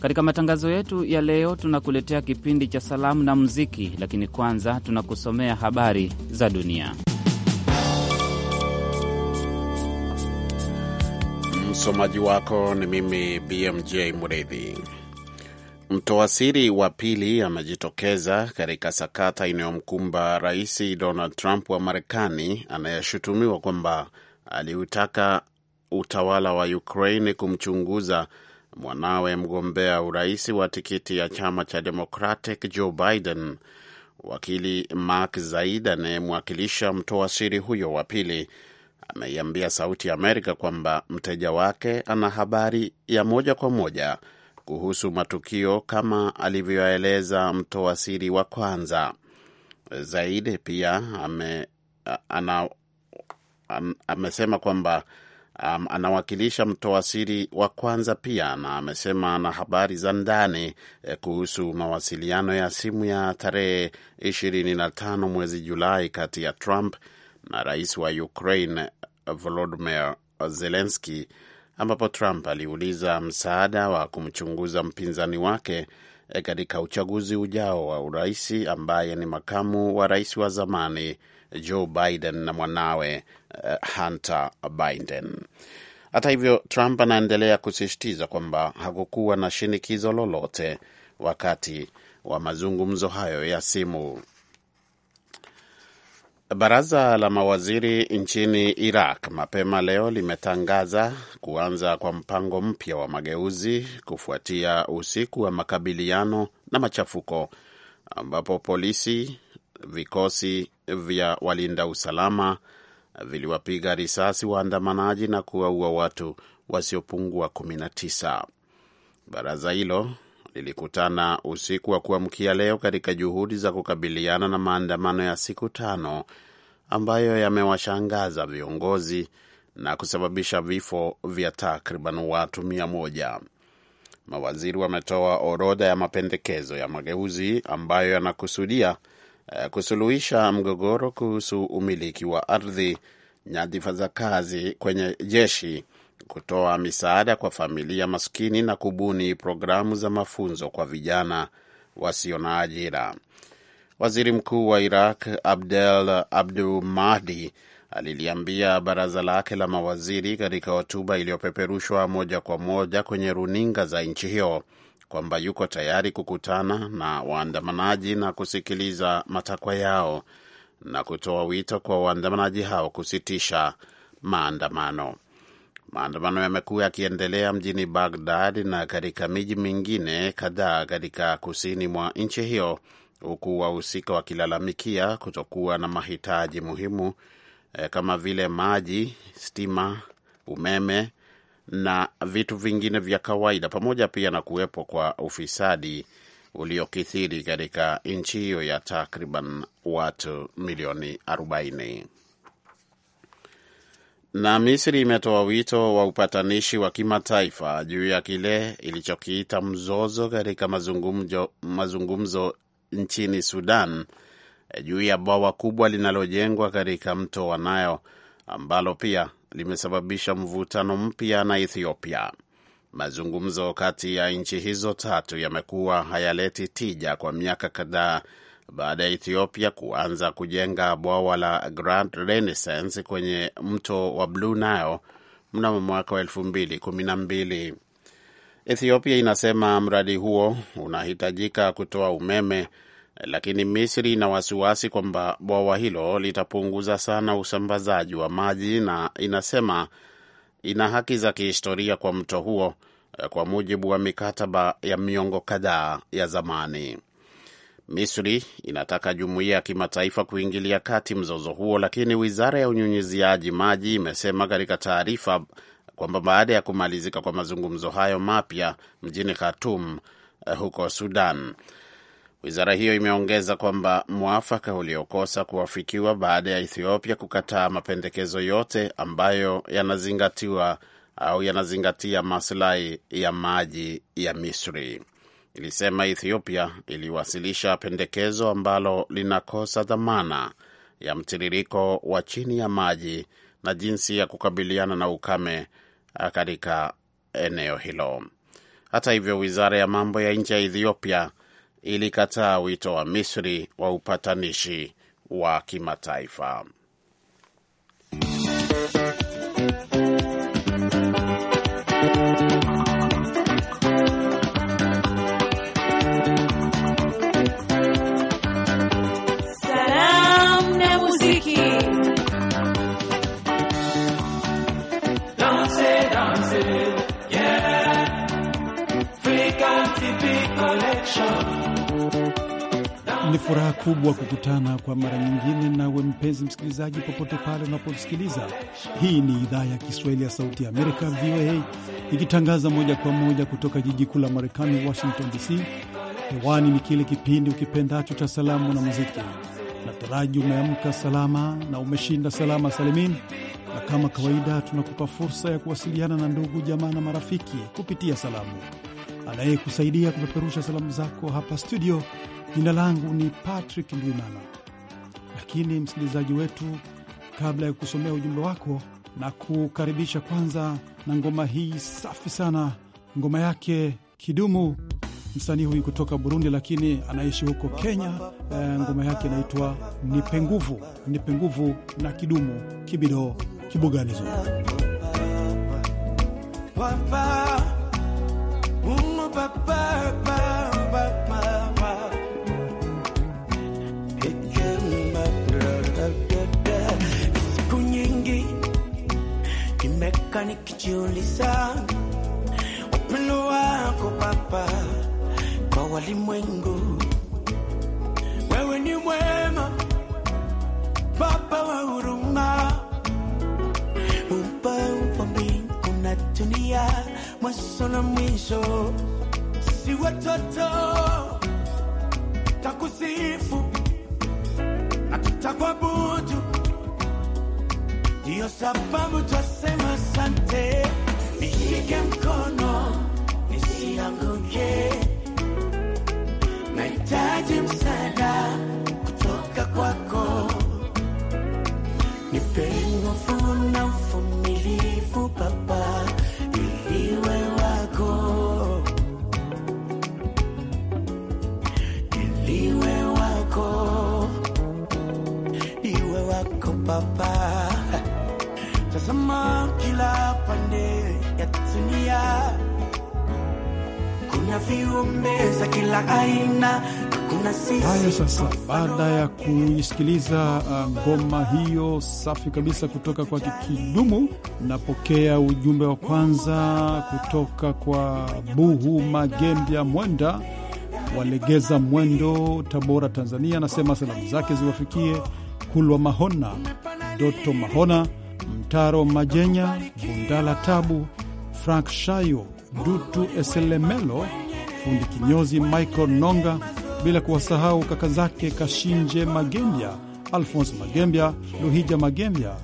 Katika matangazo yetu ya leo, tunakuletea kipindi cha salamu na muziki, lakini kwanza tunakusomea habari za dunia. Msomaji wako ni mimi BMJ Mridhi. Mtoa siri wa pili amejitokeza katika sakata inayomkumba Rais Donald Trump wa Marekani, anayeshutumiwa kwamba aliutaka utawala wa Ukraine kumchunguza mwanawe mgombea urais wa tikiti ya chama cha Democratic Joe Biden, wakili Mark Zaid anayemwakilisha mtoa siri huyo wa pili ameiambia Sauti ya Amerika kwamba mteja wake ana habari ya moja kwa moja kuhusu matukio kama alivyoeleza mtoa siri wa kwanza. Zaid pia ame, ana, am, amesema kwamba um, anawakilisha mtoa siri wa kwanza pia, na amesema ana habari za ndani eh, kuhusu mawasiliano ya simu ya tarehe 25 mwezi Julai kati ya Trump na rais wa Ukraine Volodymyr Zelensky, ambapo Trump aliuliza msaada wa kumchunguza mpinzani wake eh, katika uchaguzi ujao wa uraisi ambaye ni makamu wa rais wa zamani Joe Biden na mwanawe eh, Hunter Biden. Hata hivyo, Trump anaendelea kusisitiza kwamba hakukuwa na shinikizo lolote wakati wa mazungumzo hayo ya simu. Baraza la mawaziri nchini Iraq mapema leo limetangaza kuanza kwa mpango mpya wa mageuzi kufuatia usiku wa makabiliano na machafuko ambapo polisi, vikosi vya walinda usalama viliwapiga risasi waandamanaji na kuwaua watu wasiopungua 19. Baraza hilo lilikutana usiku wa kuamkia leo katika juhudi za kukabiliana na maandamano ya siku tano ambayo yamewashangaza viongozi na kusababisha vifo vya takriban watu mia moja. Mawaziri wametoa orodha ya mapendekezo ya mageuzi ambayo yanakusudia Eh, kusuluhisha mgogoro kuhusu umiliki wa ardhi, nyadhifa za kazi kwenye jeshi, kutoa misaada kwa familia maskini na kubuni programu za mafunzo kwa vijana wasio na ajira. Waziri Mkuu wa Iraq Abdel Abdu Mahdi aliliambia baraza lake la mawaziri katika hotuba iliyopeperushwa moja kwa moja kwenye runinga za nchi hiyo kwamba yuko tayari kukutana na waandamanaji na kusikiliza matakwa yao na kutoa wito kwa waandamanaji hao kusitisha maandamano. Maandamano yamekuwa yakiendelea mjini Bagdad na katika miji mingine kadhaa katika kusini mwa nchi hiyo, huku wahusika wakilalamikia kutokuwa na mahitaji muhimu eh, kama vile maji, stima, umeme na vitu vingine vya kawaida, pamoja pia na kuwepo kwa ufisadi uliokithiri katika nchi hiyo ya takriban watu milioni 40. Na Misri imetoa wito wa upatanishi wa kimataifa juu ya kile ilichokiita mzozo katika mazungumzo, mazungumzo nchini Sudan eh, juu ya bwawa kubwa linalojengwa katika mto wa Nile ambalo pia limesababisha mvutano mpya na Ethiopia. Mazungumzo kati ya nchi hizo tatu yamekuwa hayaleti tija kwa miaka kadhaa baada ya Ethiopia kuanza kujenga bwawa la Grand Renaissance kwenye mto wa Blue Nile mnamo mwaka wa elfu mbili kumi na mbili. Ethiopia inasema mradi huo unahitajika kutoa umeme lakini Misri ina wasiwasi kwamba bwawa hilo litapunguza sana usambazaji wa maji na inasema ina haki za kihistoria kwa mto huo eh, kwa mujibu wa mikataba ya miongo kadhaa ya zamani. Misri inataka jumuiya ya kimataifa kuingilia kati mzozo huo, lakini wizara ya unyunyiziaji maji imesema katika taarifa kwamba baada ya kumalizika kwa mazungumzo hayo mapya mjini Khartoum eh, huko Sudan, Wizara hiyo imeongeza kwamba mwafaka uliokosa kuafikiwa baada ya Ethiopia kukataa mapendekezo yote ambayo yanazingatiwa au yanazingatia maslahi ya maji ya Misri. Ilisema Ethiopia iliwasilisha pendekezo ambalo linakosa dhamana ya mtiririko wa chini ya maji na jinsi ya kukabiliana na ukame ah, katika eneo hilo. Hata hivyo, wizara ya mambo ya nje ya Ethiopia ilikataa wito wa Misri wa upatanishi wa kimataifa. Ni furaha kubwa kukutana kwa mara nyingine nawe mpenzi msikilizaji, popote pale unaposikiliza. Hii ni idhaa ya Kiswahili ya Sauti ya Amerika, VOA, ikitangaza moja kwa moja kutoka jiji kuu la Marekani, Washington DC. Hewani ni kile kipindi ukipendacho cha salamu na muziki. Nataraji umeamka salama na umeshinda salama salimin, na kama kawaida tunakupa fursa ya kuwasiliana na ndugu, jamaa na marafiki kupitia salamu anayekusaidia kupeperusha salamu zako hapa studio. Jina langu ni Patrick Ndwimana. Lakini msikilizaji wetu, kabla ya kusomea ujumbe wako na kukaribisha, kwanza na ngoma hii safi sana, ngoma yake Kidumu, msanii huyu kutoka Burundi lakini anaishi huko Kenya. Eh, ngoma yake inaitwa Nipe Nguvu, Nipe Nguvu na Kidumu, Kibido, Kibuganizo. nakaa nikijiuliza upendo wako Baba kwa walimwengu. Wewe ni mwema Baba wa huruma, muumba wa mbingu na dunia, mwanzo na mwisho. Si watoto takusifu na tutakuabudu Ndiyo sababu twasema sante, nishike mkono nisianguke, nahitaji msaada kutoka kwako, nipe nguvu na uvumilivu Baba ili iwe wako iwe wako iwe wako Baba kila pande ya dunia kuna viumbe za kila aina. Haya sasa, baada ya kuisikiliza uh, ngoma uh, hiyo safi kabisa kutoka kwa kidumu napokea ujumbe wa kwanza kutoka kwa Buhu Magembya Mwenda walegeza mwendo, Tabora, Tanzania. Anasema salamu zake ziwafikie Kulwa Mahona, Doto Mahona Mtaro Majenya, Bundala Tabu, Frank Shayo, Dutu Eselemelo, fundi kinyozi Michael Nonga, bila kuwasahau kaka zake Kashinje Magembya, Alfonse Magembya, Luhija Magembya,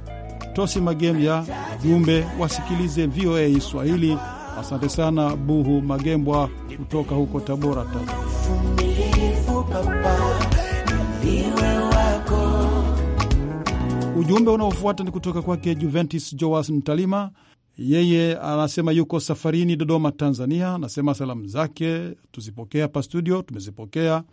Tosi Magembya. Jumbe wasikilize VOA Swahili. Asante sana Buhu Magembwa kutoka huko Tabora, Tanzania. Ujumbe unaofuata ni kutoka kwake Juventus Joas Mtalima. Yeye anasema yuko safarini Dodoma, Tanzania. Anasema salamu zake tuzipokee hapa studio, tumezipokea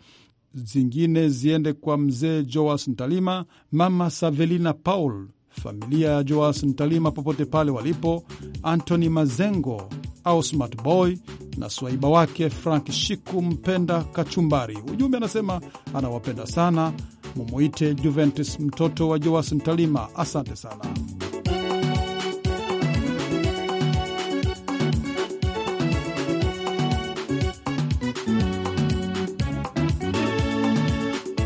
zingine ziende kwa mzee Joas Ntalima, mama Savelina Paul familia ya Joas Ntalima popote pale walipo, Antony Mazengo, au smart Boy na swaiba wake Frank Shiku mpenda kachumbari. Ujumbe anasema anawapenda sana, mumuite Juventus mtoto wa Joas Ntalima. Asante sana.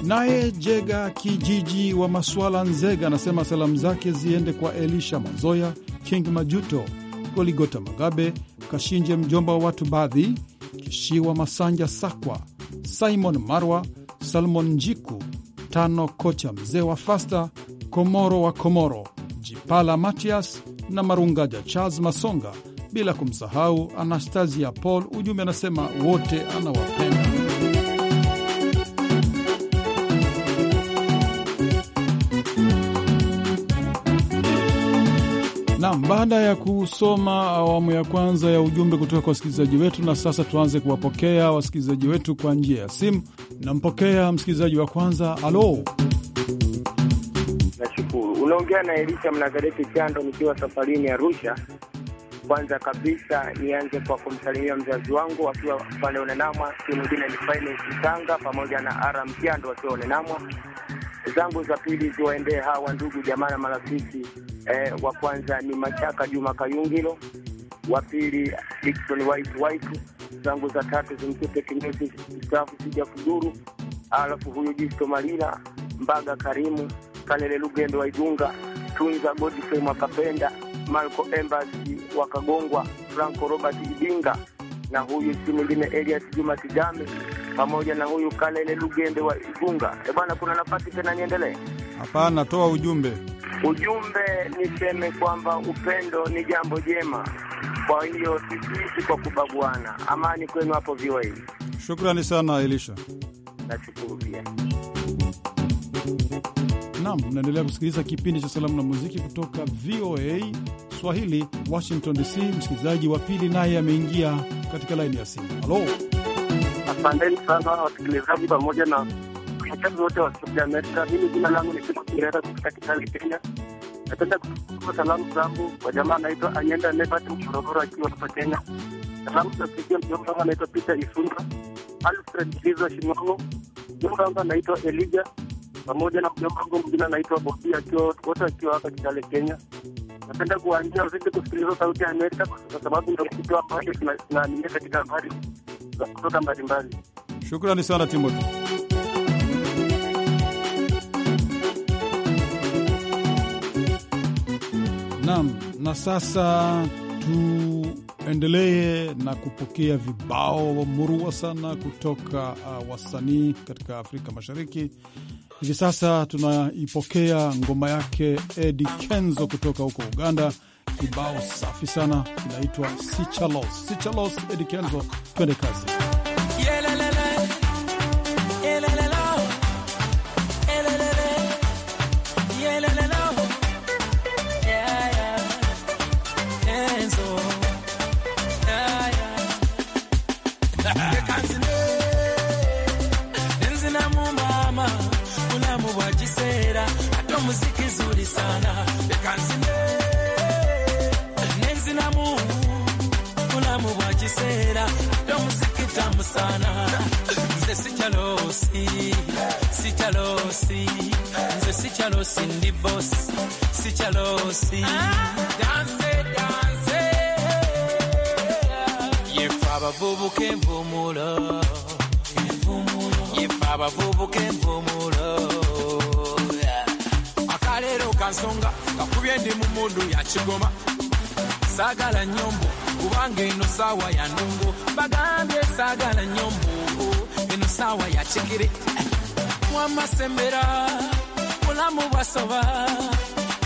Naye Jega Kijiji wa Maswala, Nzega, anasema salamu zake ziende kwa Elisha Mazoya, King Majuto, Goligota Magabe, Kashinje mjomba wa watu baadhi, Kishiwa Masanja Sakwa, Simon Marwa, Salmon Njiku Tano, kocha mzee wa Fasta, Komoro wa Komoro, Jipala Matias na Marungaja Charles Masonga, bila kumsahau Anastasia Paul. Ujumbe anasema wote anawapenda. Nam, baada ya kusoma awamu ya kwanza ya ujumbe kutoka kwa wasikilizaji wetu, na sasa tuanze kuwapokea wasikilizaji wetu kwa njia ya simu. Nampokea msikilizaji wa kwanza. Alo, nashukuru. Unaongea na Elisha Mnazareti Chando nikiwa safarini Arusha. Kwanza kabisa nianze kwa kumsalimia mzazi wangu akiwa pale Unenamwa, si mwingine ni Finance pamoja na Ara Mchando akiwa Unenamwa. Zangu za pili ziwaendee hawa ndugu jamaa na marafiki eh, wa kwanza ni Mashaka Juma Kayungilo, wa pili Dickson White White, zangu za tatu zimtupe Kinyozi mstaafu Sija Kuduru, alafu huyu Jisto Malila Mbaga Karimu Kalele Lugendo igunga Tunza Godfrey Mwakapenda Marco Embassy Wakagongwa Franco Robert Idinga na huyu si mwingine Elias Juma Kijame pamoja na huyu Kalele Lugende wa Igunga. E bwana, kuna nafasi tena niendelee? Hapana, toa ujumbe. Ujumbe niseme kwamba upendo ni jambo jema, kwa hiyo sisiisi kwa kubaguana. Amani kwenu hapo viwa Shukrani sana Elisha, nashukuru pia. Naam, mnaendelea kusikiliza kipindi cha salamu na muziki kutoka VOA Swahili, Washington DC. Msikilizaji wa pili naye ameingia katika laini ya simu. Halo, asanteni sana wasikilizaji pamoja na wafanyakazi wote wa Sauti ya Amerika. Mimi jina langu ni Sima Kingereza kutoka Kitale, Kenya. Napenda kutoa salamu zangu kwa jamaa anaitwa Anyenda Nebat Mshorogoro akiwa hapa Kenya. Salamu za zapikia mjomba wangu anaitwa Peter Isunga, Alfred Liza Shimongo, mjomba wangu anaitwa Elija pamoja na mjomba wangu mwingine anaitwa Bobi akiwa wote akiwa hapa Kitale, Kenya. Napenda kuwaambia wazidi kusikiliza Sauti ya Amerika kwa sababu ndio kitu ambacho tunaamini katika habari za kutoka mbalimbali. Shukrani sana Timothy. Naam, na sasa tuendelee na kupokea vibao murua sana kutoka uh, wasanii katika Afrika Mashariki. Hivi sasa tunaipokea ngoma yake Edi Kenzo kutoka huko Uganda. Kibao safi sana kinaitwa Sichalos. Sichalos, Edi Kenzo, twende kazi. chalosi ndi bosi si chalosi ah, ifa abavubuka empumulo akaleero kansonga kakubye ndi mu mudu yakigoma saagala nyombo kubanga eno saawa ya ndongo bagambye saagala nyombo eno saawa ya kigiri mwamasembera salamu basoba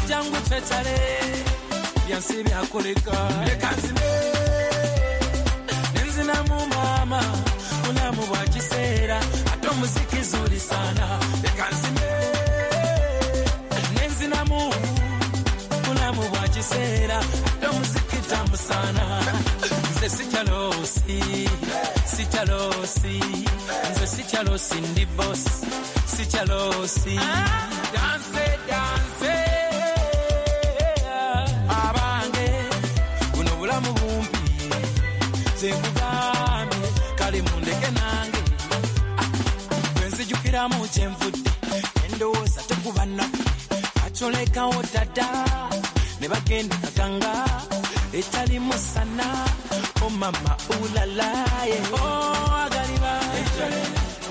jangu twetale byansi byakoleka lekanzine nenzinamu maama bulamu bwa kiseera ate omuziki zulisana lekanzine nenzinamu bulamu bwa kiseera ate omuziki tamusana nze sikyalosi sikyalosi nze sikyalosi ndi bosi sikyalosi ah. mukula mubumbi nze nkugambye kale mundeke nange gwe kyenvudde endowooza tekuba nnaku atolekawo dada ne bagenda kaganga etali musana o mama ulalaye oagaliba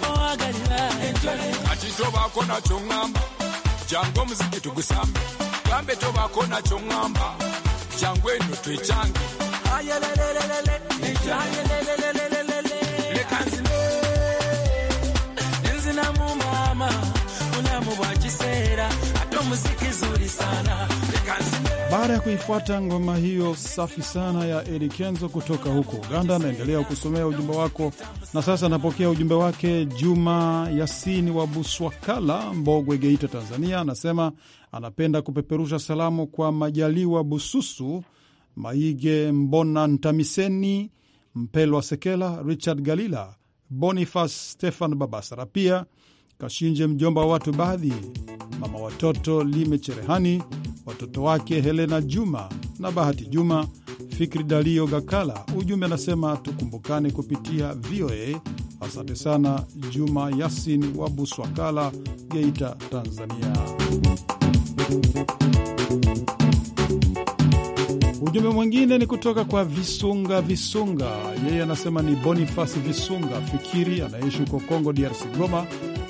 oagaliba akitobaako nakyo ŋŋamba jangu omuziki tugusambe gambe tobaako nakyo ŋŋamba changu wenu tuichange lekanzine nenzinamu mama bulamu bwa kiseera ate omuzikizuri sana lekanzine Baada ya kuifuata ngoma hiyo safi sana ya Eli Kenzo kutoka huko Uganda, anaendelea kusomea ujumbe wako, na sasa anapokea ujumbe wake Juma Yasini wa Buswakala, Mbogwe, Geita, Tanzania. Anasema anapenda kupeperusha salamu kwa Majaliwa Bususu, Maige Mbona, Ntamiseni Mpelwa, Sekela, Richard Galila, Bonifas Stefan Babasara, pia Kashinje mjomba wa watu baadhi, mama watoto Lime Cherehani watoto wake Helena Juma na Bahati Juma, Fikri Dalio Gakala. Ujumbe anasema tukumbukane kupitia VOA. Asante sana Juma Yasin wa Buswakala, Geita, Tanzania. Ujumbe mwingine ni kutoka kwa Visunga Visunga, yeye anasema ni Bonifasi Visunga Fikiri anaishi huko Kongo DRC, Goma.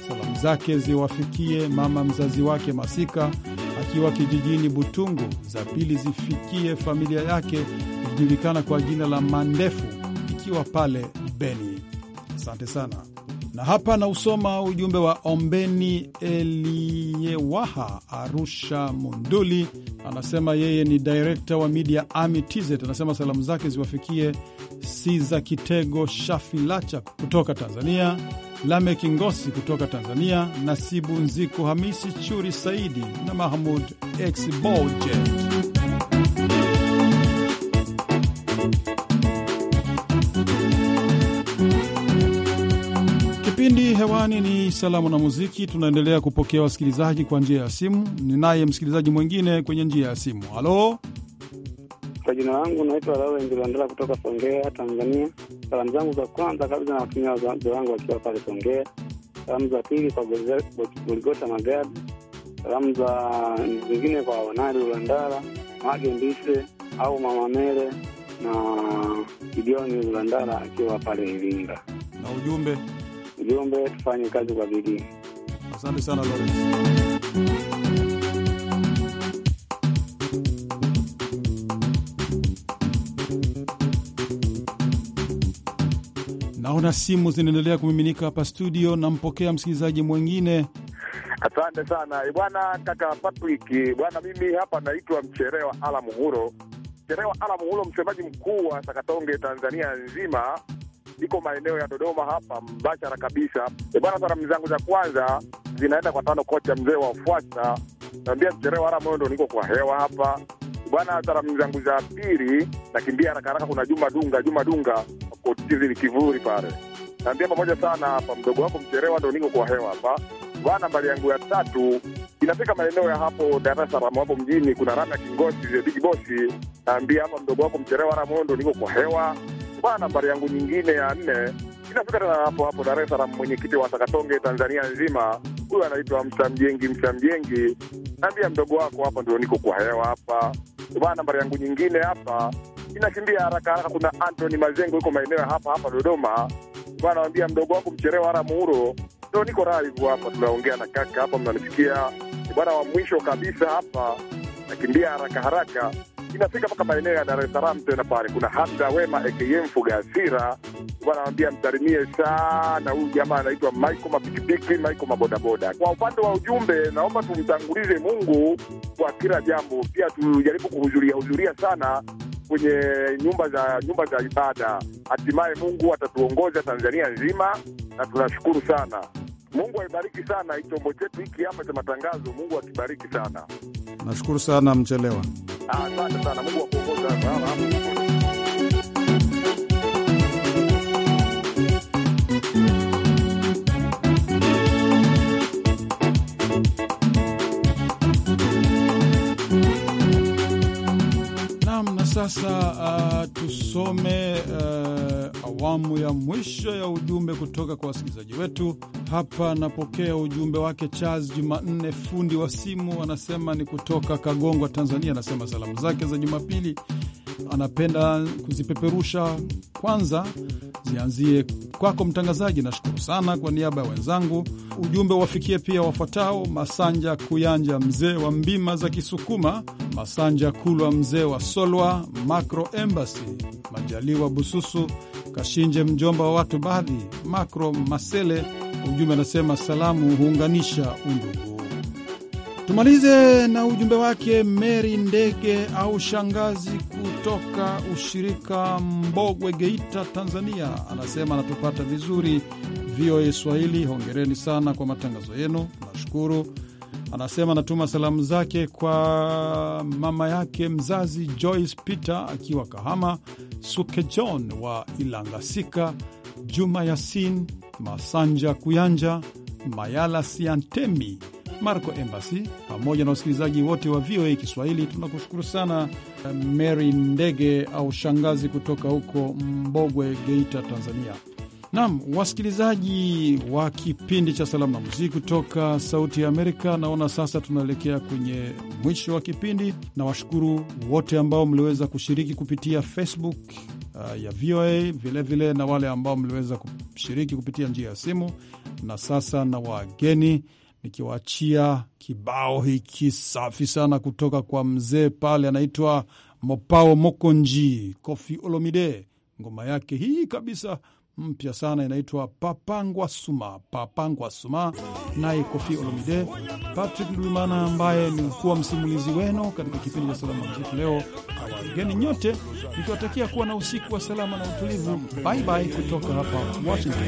Salamu zake ziwafikie mama mzazi wake Masika akiwa kijijini Butungu, za pili zifikie familia yake ikijulikana kwa jina la Mandefu ikiwa pale Beni. Asante sana. Na hapa na usoma ujumbe wa Ombeni Eliyewaha Arusha Munduli, anasema yeye ni direkta wa Media Army TZ. Anasema salamu zake ziwafikie si za Kitego Shafilacha kutoka Tanzania, Lamek Ngosi kutoka Tanzania, Nasibu Nziko, Hamisi Churi Saidi na Mahmud Exboje. Kipindi hewani ni salamu na muziki. Tunaendelea kupokea wasikilizaji kwa njia ya simu. Ninaye msikilizaji mwingine kwenye njia ya simu. Halo, kwa jina langu naitwa Laurent Ndilandela kutoka Songea, Tanzania. Salamu zangu za kwanza kabisa nawatumia wazee wangu wakiwa pale Songea. Salamu za pili kwa Goligota Magadi. Salamu za zingine kwa Wanari Ulandala, Mage Mbise au Mama Mere na Kidioni Ulandala akiwa pale Iringa. Na ujumbe ujumbe, tufanye kazi kwa bidii. Asante sana Lawrence. Naona simu zinaendelea kumiminika hapa studio. Nampokea msikilizaji mwengine Asante sana eh, bwana kaka Patrick. Eh, bwana mimi hapa naitwa Mcherewa Ala Muhuro, Mcherewa Ala Muhuro, msemaji mkuu wa Sakatonge Tanzania nzima, iko maeneo ya Dodoma hapa mbashara kabisa. Eh, bwana, salamu zangu za kwanza zinaenda kwa tano kocha mzee wa fuasa, naambia Mcherewa Ala Muhuro, niko kwa hewa hapa bwana. Salamu zangu za pili nakimbia haraka haraka, kuna Juma Dunga, Juma Dunga kotizili kivuri pale, naambia pamoja sana hapa, mdogo wako Mcherewa ndo niko kwa hewa hapa bwana. Mbali yangu ya tatu inafika maeneo ya hapo Dar es Salaam hapo mjini, kuna Rama Kingosi the big boss, naambia hapa, mdogo wako Mcherewa na ndo niko kwa hewa bwana. Mbali yangu nyingine ya nne inafika tena hapo hapo Dar es Salaam, mwenyekiti wa Sakatonge Tanzania nzima huyu anaitwa Msamjengi, Msamjengi naambia mdogo wako hapa ndio niko kwa hewa hapa Kuvaa nambari yangu nyingine hapa inakimbia haraka haraka. Kuna antoni Mazengo yuko maeneo hapa hapa Dodoma, anawambia mdogo wangu mcherewa ara muuro. ndo niko hivu hapa, tunaongea na kaka hapa, mnanisikia bwana, wa mwisho kabisa hapa, nakimbia haraka haraka inafika mpaka maeneo ya Dar es Salaam tena pale kuna Hamza Wema AKM Fugasira, wanawambia msalimie sana huyu jamaa anaitwa Maiko Mapikipiki, Maiko Mabodaboda. Kwa upande wa ujumbe, naomba tumtangulize Mungu kwa kila jambo, pia tujaribu kuhudhuria hudhuria sana kwenye nyumba za nyumba za ibada. Hatimaye Mungu atatuongoza Tanzania nzima, na tunashukuru sana. Mungu aibariki sana chombo chetu hiki hapa cha matangazo. Mungu akibariki sana. Nashukuru sana Mchelewa. Asante sana, Mungu akuongoza. Naam, sasa uh, tusome uh, awamu ya mwisho ya ujumbe kutoka kwa wasikilizaji wetu. Hapa napokea ujumbe wake Charles Jumanne, fundi wa simu, anasema ni kutoka Kagongwa, Tanzania. Anasema salamu zake za Jumapili anapenda kuzipeperusha, kwanza zianzie kwako mtangazaji. Nashukuru sana kwa niaba ya wenzangu. Ujumbe wafikie pia wafuatao: Masanja Kuyanja, mzee wa mbima za Kisukuma, Masanja Kulwa, mzee wa Solwa, Macro Embassy, Majaliwa Bususu, Kashinje, mjomba wa watu baadhi, macro Masele. Ujumbe anasema salamu huunganisha undugu. Tumalize na ujumbe wake Meri Ndege au Shangazi kutoka ushirika Mbogwe, Geita, Tanzania. Anasema anatupata vizuri. VOA Swahili, hongereni sana kwa matangazo yenu, nashukuru Anasema anatuma salamu zake kwa mama yake mzazi Joyce Peter akiwa Kahama, Sukejon wa Ilangasika, Juma Yasin Masanja Kuyanja Mayala Siantemi Marco Embassy pamoja na wasikilizaji wote wa VOA Kiswahili. Tunakushukuru sana. Mary Ndege au shangazi kutoka huko Mbogwe, Geita, Tanzania nam wasikilizaji wa kipindi cha Salamu na Muziki kutoka Sauti ya Amerika, naona sasa tunaelekea kwenye mwisho wa kipindi, na washukuru wote ambao mliweza kushiriki kupitia Facebook uh, ya VOA, vilevile vile na wale ambao mliweza kushiriki kupitia njia ya simu. Na sasa na wageni nikiwaachia kibao hiki safi sana kutoka kwa mzee pale anaitwa Mopao Mokonji Kofi Olomide, ngoma yake hii kabisa mpya sana inaitwa Papangwa Suma, Papangwa Suma, naye Kofi Olomide, Patrick Ndwimana ambaye ni mkuu wa msimulizi wenu katika kipindi cha Salamu na Muziki leo. awageni nyote nikiwatakia kuwa na usiku wa salama na utulivu. Baibai kutoka hapa Washington.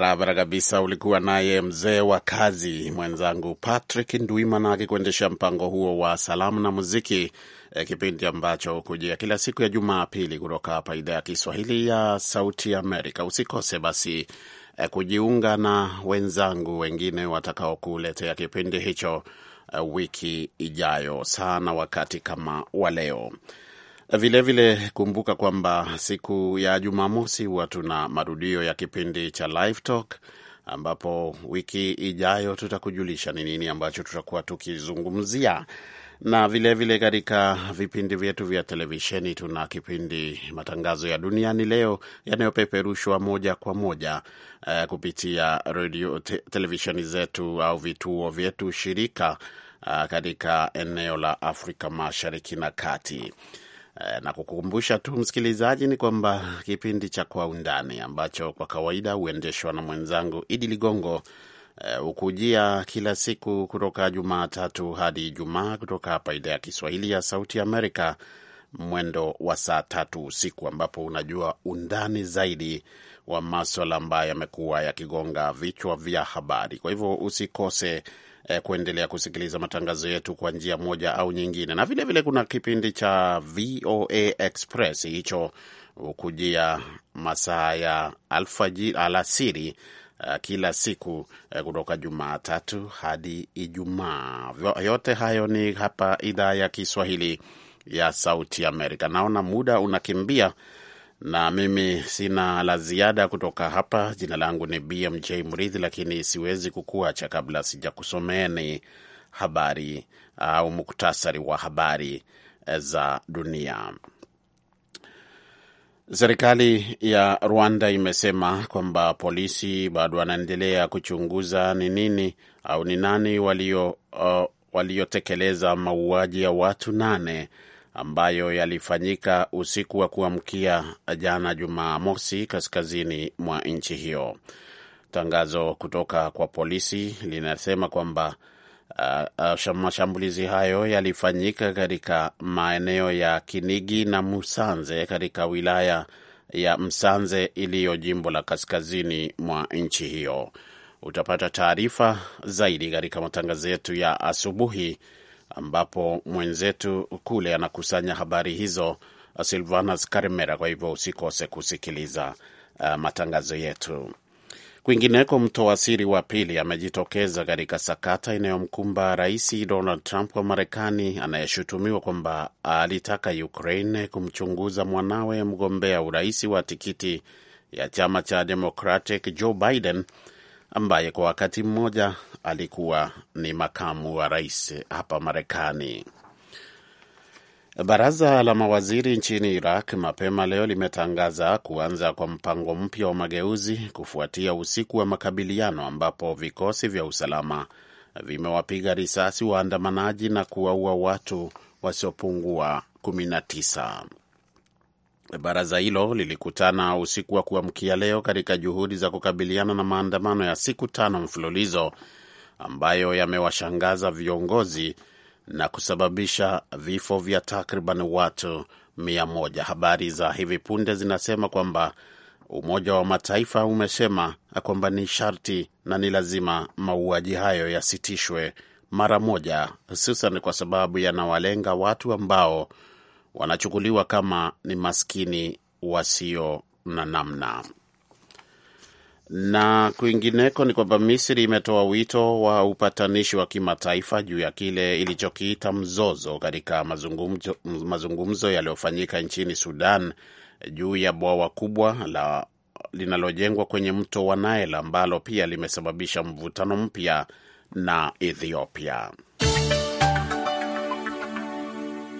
barabara kabisa. Ulikuwa naye mzee wa kazi mwenzangu Patrick Ndwimana akikuendesha mpango huo wa salamu na muziki, eh, kipindi ambacho hukujia kila siku ya Jumapili kutoka hapa idhaa ya Kiswahili ya Sauti Amerika. Usikose basi eh, kujiunga na wenzangu wengine watakaokuletea kipindi hicho eh, wiki ijayo sana wakati kama wa leo. Vilevile vile kumbuka kwamba siku ya Jumamosi huwa tuna marudio ya kipindi cha Live Talk ambapo wiki ijayo tutakujulisha ni nini ambacho tutakuwa tukizungumzia na vilevile katika vipindi vyetu vya televisheni tuna kipindi matangazo ya duniani leo yanayopeperushwa moja kwa moja eh, kupitia radio te, televisheni zetu au vituo vyetu shirika eh, katika eneo la Afrika Mashariki na Kati. Eh, na kukumbusha tu msikilizaji, ni kwamba kipindi cha Kwa Undani ambacho kwa kawaida huendeshwa na mwenzangu Idi Ligongo eh, hukujia kila siku kutoka Jumatatu hadi Ijumaa kutoka hapa idhaa ya Kiswahili ya Sauti Amerika mwendo wa saa tatu usiku ambapo unajua undani zaidi wa maswala ambayo yamekuwa yakigonga vichwa vya habari. Kwa hivyo usikose eh, kuendelea kusikiliza matangazo yetu kwa njia moja au nyingine, na vilevile vile kuna kipindi cha VOA Express hicho hukujia masaa ya alasiri alasiri eh, kila siku eh, kutoka Jumatatu hadi Ijumaa. Yote hayo ni hapa idhaa ya Kiswahili ya Sauti Amerika. Naona muda unakimbia na mimi sina la ziada kutoka hapa. Jina langu ni BMJ Mridhi, lakini siwezi kukuacha kabla sijakusomeeni habari uh, au muktasari wa habari eh, za dunia. Serikali ya Rwanda imesema kwamba polisi bado wanaendelea kuchunguza ni nini au ni nani uh, waliotekeleza uh, walio mauaji ya watu nane ambayo yalifanyika usiku wa kuamkia jana Jumamosi kaskazini mwa nchi hiyo. Tangazo kutoka kwa polisi linasema kwamba uh, uh, mashambulizi hayo yalifanyika katika maeneo ya Kinigi na Musanze katika wilaya ya Msanze iliyo jimbo la kaskazini mwa nchi hiyo. Utapata taarifa zaidi katika matangazo yetu ya asubuhi ambapo mwenzetu kule anakusanya habari hizo, Silvanas Karemera. Kwa hivyo usikose kusikiliza uh, matangazo yetu. Kwingineko, wa siri wa pili amejitokeza katika sakata inayomkumba Rais Donald Trump wa Marekani, anayeshutumiwa kwamba alitaka Ukraine kumchunguza mwanawe mgombea urais wa tikiti ya chama cha Democratic Joe Biden ambaye kwa wakati mmoja alikuwa ni makamu wa rais hapa Marekani. Baraza la mawaziri nchini Iraq mapema leo limetangaza kuanza kwa mpango mpya wa mageuzi kufuatia usiku wa makabiliano ambapo vikosi vya usalama vimewapiga risasi waandamanaji na kuwaua watu wasiopungua 19. Baraza hilo lilikutana usiku wa kuamkia leo katika juhudi za kukabiliana na maandamano ya siku tano mfululizo ambayo yamewashangaza viongozi na kusababisha vifo vya takriban watu mia moja. Habari za hivi punde zinasema kwamba Umoja wa Mataifa umesema kwamba ni sharti na ni lazima mauaji hayo yasitishwe mara moja, hususan kwa sababu yanawalenga watu ambao wanachukuliwa kama ni maskini wasio na namna. Na kwingineko ni kwamba Misri imetoa wito wa upatanishi wa kimataifa juu ya kile ilichokiita mzozo katika mazungumzo, mazungumzo yaliyofanyika nchini Sudan juu ya bwawa kubwa la linalojengwa kwenye mto wa Nile ambalo pia limesababisha mvutano mpya na Ethiopia.